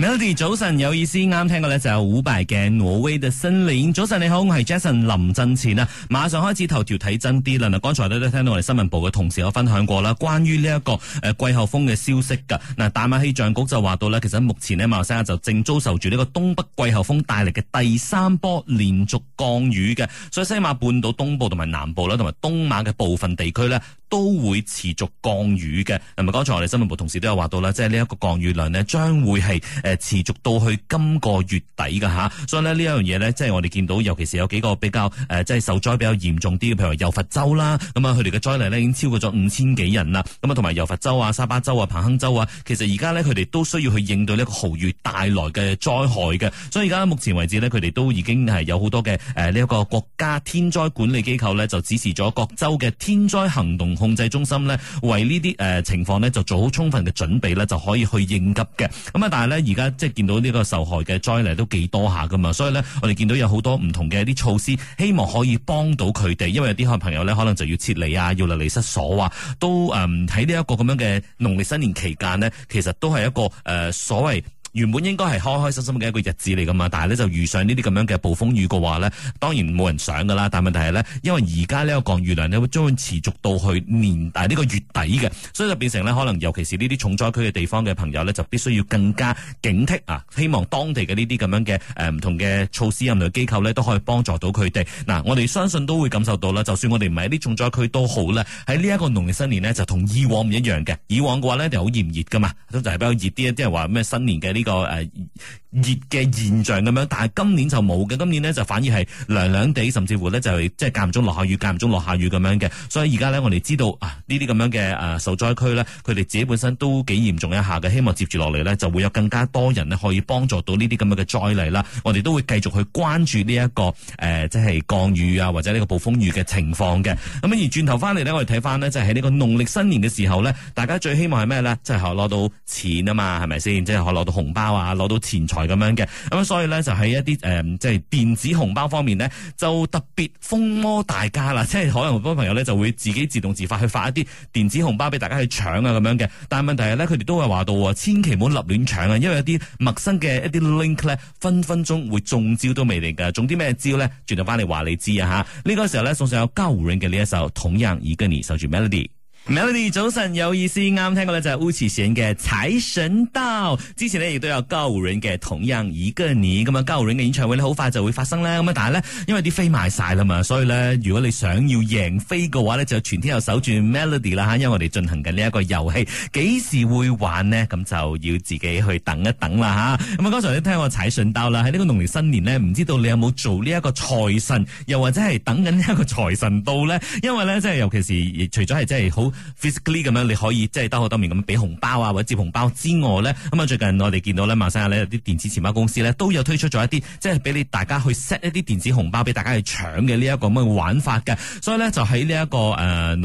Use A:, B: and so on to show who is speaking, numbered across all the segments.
A: Melody，早晨有意思，啱聽過呢就係伍佰嘅挪威的森林。早晨你好，我係 Jason 林振前啊。馬上開始頭條睇真啲啦。嗱，剛才咧都聽到我哋新聞部嘅同事有分享過啦，關於呢一個誒季候風嘅消息噶。嗱，大馬氣象局就話到呢，其實目前呢馬來西亞就正遭受住呢個東北季候風帶嚟嘅第三波連續降雨嘅，所以西馬半島東部同埋南部啦，同埋東馬嘅部分地區呢，都會持續降雨嘅。嗱，咁剛才我哋新聞部同事都有話到啦，即係呢一個降雨量呢，將會係持續到去今個月底嘅吓。所以咧呢一樣嘢呢，即係我哋見到，尤其是有幾個比較誒、呃，即係受災比較嚴重啲，嘅，譬如柔佛州啦，咁啊，佢哋嘅災黎咧已經超過咗五千幾人啦，咁啊，同埋柔佛州啊、沙巴州啊、彭亨州啊，其實而家呢，佢哋都需要去應對呢一個豪雨帶來嘅災害嘅，所以而家目前為止呢，佢哋都已經係有好多嘅誒呢一個國家天災管理機構呢，就指示咗各州嘅天災行動控制中心呢，為呢啲誒情況呢，就做好充分嘅準備呢，就可以去應急嘅，咁啊，但係呢。而。即係見到呢個受害嘅災難都幾多下噶嘛，所以咧我哋見到有好多唔同嘅一啲措施，希望可以幫到佢哋，因為有啲可朋友咧可能就要撤離啊，要流離失所啊，都誒喺呢一個咁樣嘅農曆新年期間咧，其實都係一個誒、呃、所謂。原本應該係開開心心嘅一個日子嚟㗎嘛，但係咧就遇上呢啲咁樣嘅暴風雨嘅話呢，當然冇人想㗎啦。但係問題係呢，因為而家呢個降雨量呢會將持續到去年底呢個月底嘅，所以就變成呢可能尤其是呢啲重災區嘅地方嘅朋友呢，就必須要更加警惕啊！希望當地嘅呢啲咁樣嘅誒唔同嘅措施啊、機構呢都可以幫助到佢哋。嗱、啊，我哋相信都會感受到啦，就算我哋唔係呢重災區都好咧，喺呢一個農曆新年呢，就同以往唔一樣嘅。以往嘅話呢，就好炎熱㗎嘛，就係比較熱啲。啲人話咩新年嘅呢個誒，熱嘅現象咁樣，但係今年就冇嘅。今年呢，就反而係涼涼地，甚至乎呢，就係即係間唔中落下雨，間唔中落下雨咁樣嘅。所以而家呢，我哋知道啊，呢啲咁樣嘅受災區呢，佢哋自己本身都幾嚴重一下嘅。希望接住落嚟呢，就會有更加多人呢，可以幫助到呢啲咁樣嘅災黎啦。我哋都會繼續去關注呢一個誒，即係降雨啊，或者呢個暴風雨嘅情況嘅。咁而轉頭翻嚟呢，我哋睇翻呢，就係呢個農曆新年嘅時候呢，大家最希望係咩呢？即係可攞到錢啊嘛，係咪先？即係可攞到紅包啊，攞到錢財。咁樣嘅。咁所以咧、呃、就喺一啲誒，即係電子紅包方面呢，就特別瘋魔大家啦。即係可能好多朋友咧就會自己自動自發去發一啲電子紅包俾大家去搶啊，咁樣嘅。但係問題係咧，佢哋都係話到喎，千祈唔好立亂搶啊，因爲有啲陌生嘅一啲 link 咧，分分鐘會中招都未嚟噶。中啲咩招咧？轉頭翻嚟話你知啊吓。呢、呢個時候咧，送上有交響嘅呢一首《同樣以你守住 melody》mel。Melody 早晨，有意思啱聽過咧就係巫啟賢嘅財神到，之前呢亦都有高吾遠嘅同樣一個你，咁啊高吾遠嘅演唱會呢好快就會發生啦，咁啊但係呢，因為啲飛賣晒啦嘛，所以呢，如果你想要贏飛嘅話呢，就全天候守住 Melody 啦吓，因為我哋進行緊呢一個遊戲，幾時會玩呢？咁就要自己去等一等啦吓，咁啊剛才你聽我財神到啦，喺呢個農曆新年呢，唔知道你有冇做呢一個財神，又或者係等緊呢一個財神到呢？因為呢，即係尤其是除咗係真係好。physically 咁樣你可以即係兜口兜面咁俾紅包啊，或者接紅包之外呢。咁啊最近我哋見到馬來西亞呢有啲電子錢包公司呢，都有推出咗一啲即係俾你大家去 set 一啲電子紅包俾大家去搶嘅呢一個咁嘅玩法嘅，所以呢、這個，就喺呢一個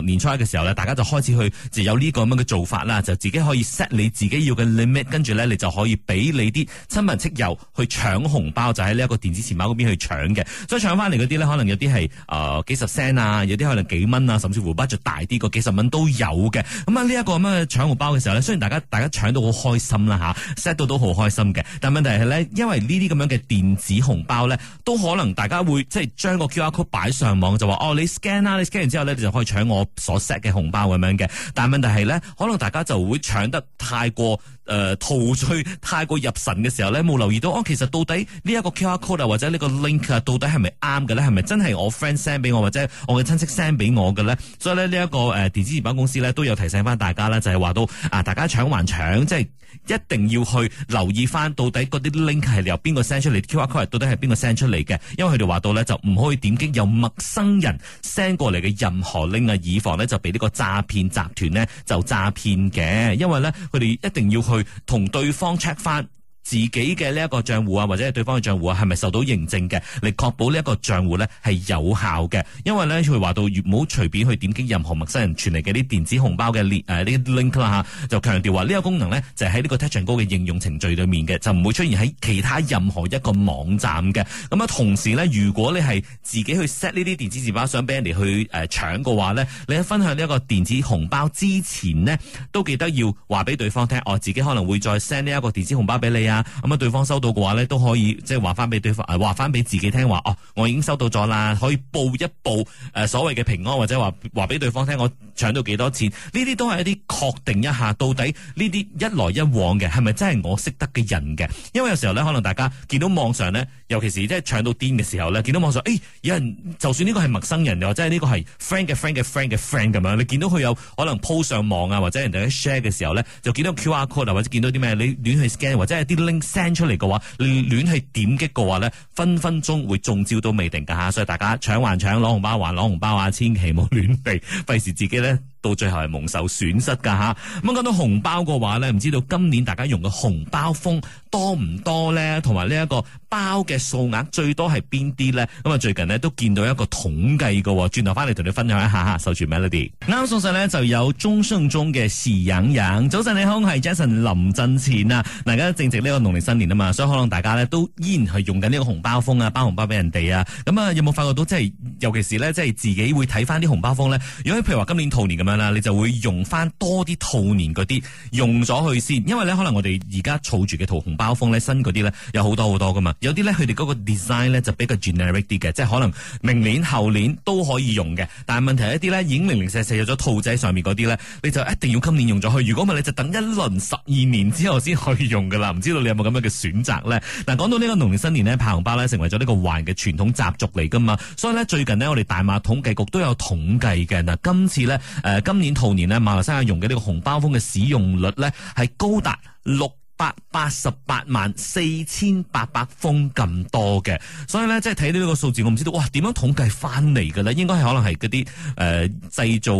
A: 誒年初一嘅時候呢，大家就開始去就有呢個咁嘅做法啦，就自己可以 set 你自己要嘅 limit，跟住呢你就可以俾你啲親朋戚友去搶紅包，就喺呢一個電子錢包嗰邊去搶嘅，所以搶翻嚟嗰啲呢，可能有啲係、呃、幾十 cent 啊，有啲可能幾蚊啊，甚至乎包括大啲個幾十蚊。都有嘅，咁啊呢一個咁嘅搶紅包嘅時候咧，雖然大家大家搶到好開心啦吓，set 到都好開心嘅，但問題係咧，因為呢啲咁樣嘅電子紅包咧，都可能大家會即係將個 QR Code 擺上網就話哦，你 scan 啦，啊，你 scan 完之後咧，你就可以搶我所 set 嘅紅包咁樣嘅，但問題係咧，可能大家就會搶得太過。誒陶醉太過入神嘅時候咧，冇留意到哦。其實到底呢一個 QR code 啊，或者呢個 link 啊，到底係咪啱嘅咧？係咪真係我 friend send 俾我，或者我嘅親戚 send 俾我嘅咧？所以、這個呃、呢，呢一個誒電子產品公司咧都有提醒翻大家啦就係、是、話到啊，大家搶還搶，即係一定要去留意翻到底嗰啲 link 係由邊個 send 出嚟，QR code、啊、到底係邊個 send 出嚟嘅。因為佢哋話到咧，就唔可以點擊由陌生人 send 過嚟嘅任何 link 啊，以防呢，就俾呢個詐騙集團呢，就詐騙嘅。因為咧，佢哋一定要去。同對方 check 返。自己嘅呢一個賬戶啊，或者係對方嘅賬戶啊，係咪受到認證嘅？嚟確保呢一個賬戶咧係有效嘅。因為咧，佢話到唔好隨便去點擊任何陌生人傳嚟嘅啲電子紅包嘅鏈誒呢 link 啦吓，就強調話呢個功能咧就係喺呢個 Touch 'n Go 嘅應用程序裏面嘅，就唔會出現喺其他任何一個網站嘅。咁啊，同時咧，如果你係自己去 set 呢啲電子錢包，想俾人哋去誒搶嘅話咧，你喺分享呢一個電子紅包之前咧，都記得要話俾對方聽，我自己可能會再 send 呢一個電子紅包俾你啊。咁啊，對方收到嘅話咧，都可以即係話翻俾對方，話翻俾自己聽話哦，我已經收到咗啦，可以報一報誒所謂嘅平安，或者話話俾對方聽我搶到幾多錢呢啲都係一啲確定一下，到底呢啲一來一往嘅係咪真係我識得嘅人嘅？因為有時候咧，可能大家見到網上咧，尤其是即係搶到癲嘅時候咧，見到網上，哎，有人就算呢個係陌生人，或者係呢個係 friend 嘅 friend 嘅 friend 嘅 friend 咁樣你見到佢有可能 po 上網啊，或者人哋一 share 嘅時候咧，就見到 QR code 或者見到啲咩，你亂去 scan 或者係啲。拎 s 出嚟嘅話，亂亂去點擊嘅話咧，分分鐘會中招都未定噶吓，所以大家搶還搶，攞紅包還攞紅包啊，千祈唔好亂嚟，費事自己咧。到最後係蒙受損失噶嚇。咁講到紅包嘅話咧，唔知道今年大家用嘅紅包風多唔多咧？同埋呢一個包嘅數額最多係邊啲咧？咁啊，最近呢都見到一個統計喎，轉頭翻嚟同你分享一下嚇。守住 Melody 啱，送上呢就有鐘聲中嘅時隱隱。早晨你好，我係 Jason 林振錢啊。嗱、嗯，而家正值呢個農曆新年啊嘛，所以可能大家咧都依然係用緊呢個紅包風啊，包紅包俾人哋啊。咁啊，有冇發覺到即係尤其是咧，即係自己會睇翻啲紅包風咧？如果譬如話今年兔年咁樣你就會用翻多啲兔年嗰啲用咗去先，因為咧可能我哋而家儲住嘅套紅包封咧新嗰啲咧有好多好多噶嘛，有啲咧佢哋嗰個 design 咧就比較 generic 啲嘅，即係可能明年後年都可以用嘅，但係問題係一啲咧已經零零四四有咗兔仔上面嗰啲咧，你就一定要今年用咗佢，如果唔係你就等一輪十二年之後先可以用噶啦，唔知道你有冇咁樣嘅選擇咧？嗱，講到呢個農年新年咧派紅包咧成為咗呢個華人嘅傳統習俗嚟噶嘛，所以咧最近呢，我哋大馬統計局都有統計嘅嗱，今次咧今年兔年咧，馬來西亞用嘅呢個紅包封嘅使用率咧，係高達六八八十八萬四千八百封咁多嘅，所以咧即係睇到呢個數字，我唔知道，哇點樣統計翻嚟嘅咧？應該係可能係嗰啲誒製造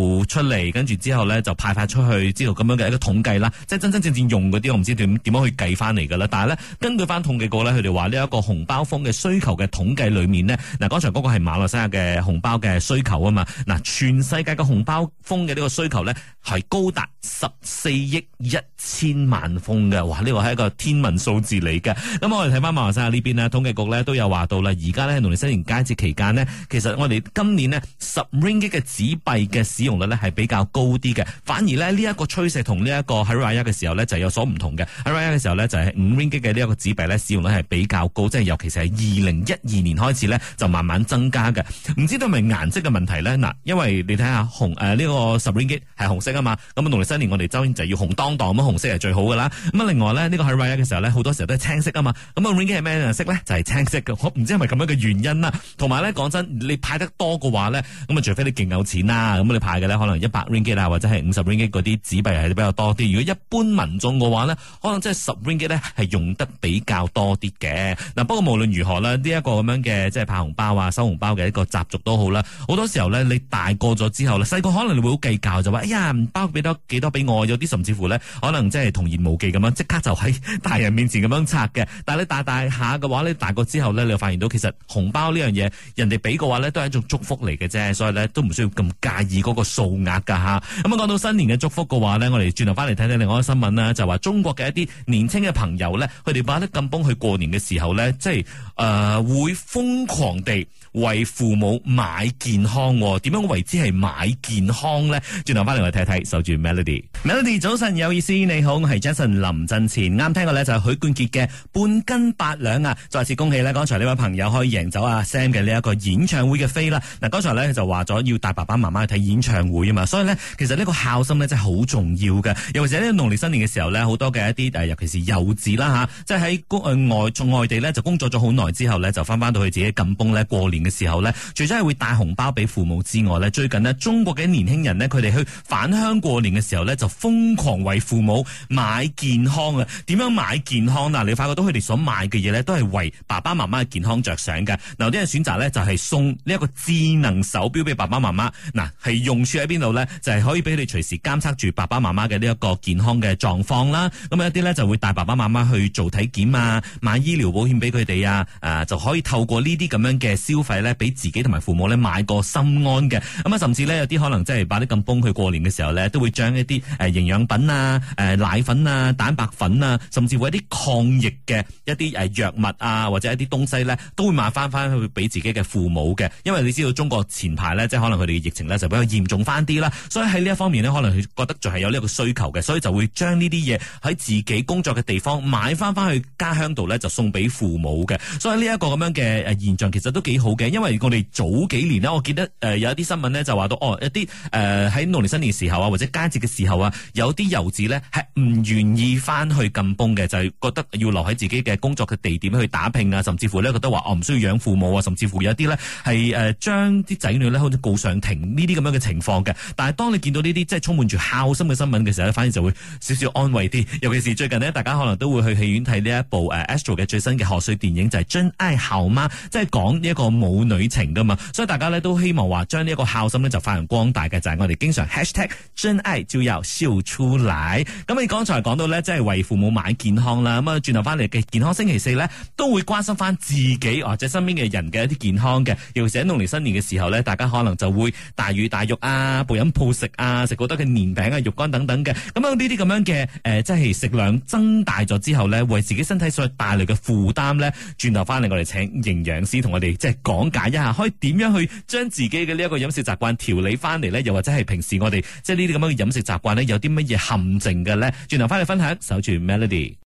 A: 出嚟，跟住之後咧就派發出去，知道咁樣嘅一個統計啦。即係真真正正用嗰啲，我唔知點點樣去計翻嚟嘅啦。但係咧，根據翻統計過咧，佢哋話呢一個紅包封嘅需求嘅統計裏面呢，嗱剛才嗰個係馬來西亞嘅紅包嘅需求啊嘛，嗱全世界嘅紅包封嘅呢個需求咧係高達十四億一千萬封嘅，哇！呢話係一個天文數字嚟嘅，咁我哋睇翻馬來西亞呢邊咧，統計局咧都有話到啦。而家咧農曆新年佳節期間呢，其實我哋今年呢十 ringgit 嘅紙幣嘅使用率咧係比較高啲嘅，反而咧呢一個趨勢同呢一個喺 Raya 嘅時候呢就有所唔同嘅。Raya 嘅時候呢，就係五 ringgit 嘅呢一個紙幣咧使用率係比較高，即係尤其是係二零一二年開始呢就慢慢增加嘅。唔知道係咪顏色嘅問題呢？嗱，因為你睇下紅誒呢、呃這個十 ringgit 係紅色啊嘛，咁啊農曆新年我哋當然就要紅當當，咁紅色係最好噶啦。咁另外。呢個係 ringgit 嘅時候咧，好多時候都係青色啊嘛。咁啊，ringgit 係咩顏色咧？就係、是、青色嘅。我唔知係咪咁樣嘅原因啦。同埋咧，講真，你派得多嘅話咧，咁啊，除非你勁有錢啦，咁你派嘅咧可能一百 ringgit 啊，或者係五十 ringgit 嗰啲紙幣係比較多啲。如果一般民眾嘅話咧，可能即係十 ringgit 咧係用得比較多啲嘅。嗱，不過無論如何咧，呢、這、一個咁樣嘅即係派紅包啊、收紅包嘅一個習俗都好啦。好多時候咧，你大個咗之後啦，細個可能你會好計較，就話哎呀，唔包俾多幾多俾我，有啲甚至乎咧，可能即係童言無忌咁樣即刻。就喺大人面前咁樣拆嘅，但係你大大下嘅話咧，你大個之後咧，你就發現到其實紅包呢樣嘢，人哋俾嘅話咧，都係一種祝福嚟嘅啫，所以咧都唔需要咁介意嗰個數額噶吓。咁啊，講、嗯、到新年嘅祝福嘅話咧，我哋轉頭翻嚟睇睇另外一個新聞啦、啊，就話、是、中國嘅一啲年輕嘅朋友咧，佢哋把得咁崩。去過年嘅時候咧，即係誒、呃、會瘋狂地。為父母買健康，點樣為之係買健康呢？轉頭翻嚟我哋睇睇，守住 Melody。Melody 早晨，有意思，你好，我係 Jason 林振前。啱聽過咧就係許冠傑嘅半斤八兩啊！再次恭喜呢，剛才呢位朋友可以贏走阿 Sam 嘅呢一個演唱會嘅飛啦！嗱，剛才咧佢就話咗要帶爸爸媽媽去睇演唱會啊嘛，所以呢，其實呢個孝心呢，真係好重要嘅。又或者喺農曆新年嘅時候呢，好多嘅一啲尤其是幼稚啦吓，即係喺外從外地呢，就工作咗好耐之後呢，就翻翻到去自己緊繃呢過年嘅時候呢，除咗係會帶紅包俾父母之外呢，最近呢，中國嘅年輕人呢，佢哋去返鄉過年嘅時候呢，就瘋狂為父母買健康啊！點樣買健康啊，你發覺到佢哋所買嘅嘢呢，都係為爸爸媽媽嘅健康着想嘅。嗱，有啲人選擇呢，就係送呢一個智能手錶俾爸爸媽媽，嗱，係用處喺邊度呢，就係可以俾佢哋隨時監測住爸爸媽媽嘅呢一個健康嘅狀況啦。咁有啲呢，就會帶爸爸媽媽去做體檢啊，買醫療保險俾佢哋啊，誒、啊、就可以透過呢啲咁樣嘅消費。係咧，俾自己同埋父母咧買個心安嘅，咁啊，甚至呢，有啲可能即係擺啲咁崩。佢過年嘅時候呢，都會將一啲誒營養品啊、誒、呃、奶粉啊、蛋白粉啊，甚至會一啲抗疫嘅一啲誒藥物啊，或者一啲東西呢，都會買翻翻去俾自己嘅父母嘅。因為你知道中國前排呢，即係可能佢哋嘅疫情呢，就比較嚴重翻啲啦，所以喺呢一方面呢，可能佢覺得仲係有呢一個需求嘅，所以就會將呢啲嘢喺自己工作嘅地方買翻翻去家鄉度呢，就送俾父母嘅。所以呢一個咁樣嘅、呃、現象其實都幾好因為我哋早幾年呢，我記得誒有啲新聞呢，就話到哦，一啲誒喺農曆新年時候啊，或者佳節嘅時候啊，有啲遊子呢，係唔願意翻去禁崩嘅，就係、是、覺得要留喺自己嘅工作嘅地點去打拼啊，甚至乎呢，覺得話我唔需要養父母啊，甚至乎有啲呢，係誒將啲仔女呢，好似告上庭呢啲咁樣嘅情況嘅。但係當你見到呢啲即係充滿住孝心嘅新聞嘅時候呢，反而就會少少安慰啲。尤其是最近呢，大家可能都會去戲院睇呢一部 Astro 嘅最新嘅賀歲電影，就係、是《真愛孝媽》，即係講一、這個母女情噶嘛，所以大家咧都希望話將呢一個孝心咧就發揚光大嘅，就係、是、我哋經常 hashtag 真愛就要笑出嚟。咁你剛才講到咧，即係為父母買健康啦。咁啊，轉頭翻嚟嘅健康星期四咧，都會關心翻自己或者身邊嘅人嘅一啲健康嘅。尤其是喺農曆新年嘅時候咧，大家可能就會大魚大肉啊，暴飲暴食啊，食好多嘅年餅啊、肉乾等等嘅。咁樣呢啲咁樣嘅誒，即係食量增大咗之後咧，為自己身體所帶嚟嘅負擔咧，轉頭翻嚟我哋請營養師同我哋即係講。講解一下，可以點樣去將自己嘅呢一個飲食習慣調理翻嚟呢？又或者係平時我哋即係呢啲咁樣嘅飲食習慣呢，有啲乜嘢陷阱嘅呢？轉頭翻嚟分享，守住 Melody。